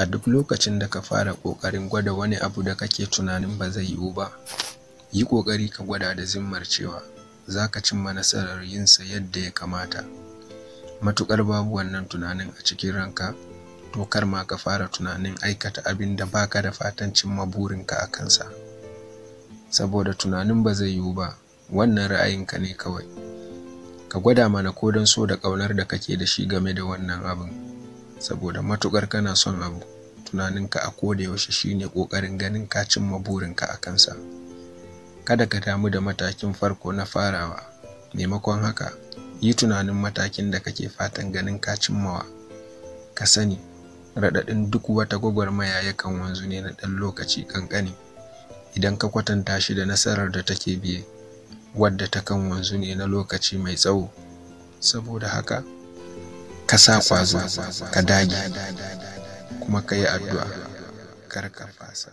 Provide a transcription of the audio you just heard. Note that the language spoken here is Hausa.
a duk lokacin da ka fara ƙoƙarin gwada wani abu da kake tunanin ba zai yiwu ba yi ƙoƙari ka gwada da zimmar cewa za ka cimma nasarar yinsa yadda ya kamata matuƙar babu wannan tunanin a cikin ranka to kar ma ka fara tunanin aikata abin da baka da fatan cimma burinka a kansa saboda tunanin ba zai yiwu ba wannan ra'ayinka ne kawai ka gwada mana ko don so da ƙaunar da kake da shi game da wannan abin saboda matuƙar kana son abu tunaninka a koda yaushe shine ƙoƙarin ganin ka cimma burinka a kansa kada ka damu da matakin farko na farawa maimakon haka yi tunanin matakin da kake fatan ganin ka cimmawa ka sani raɗaɗin duk wata gwagwarmaya yakan wanzu ne na ɗan lokaci ƙanƙani idan ka kwatanta shi da nasarar da take biye wadda ta kan wanzu ne na lokaci mai tsawo saboda haka ka sa kwazo ka dage kuma ka yi addu'a kar ka fasa